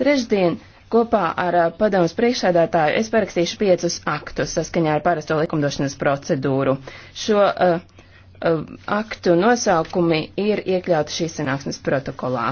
Trešdien kopā ar padomus priekšsēdētāju es parakstīšu piecus aktus saskaņā ar parasto likumdošanas procedūru. Šo uh, uh, aktu nosaukumi ir iekļauti šīs sanāksmes protokolā.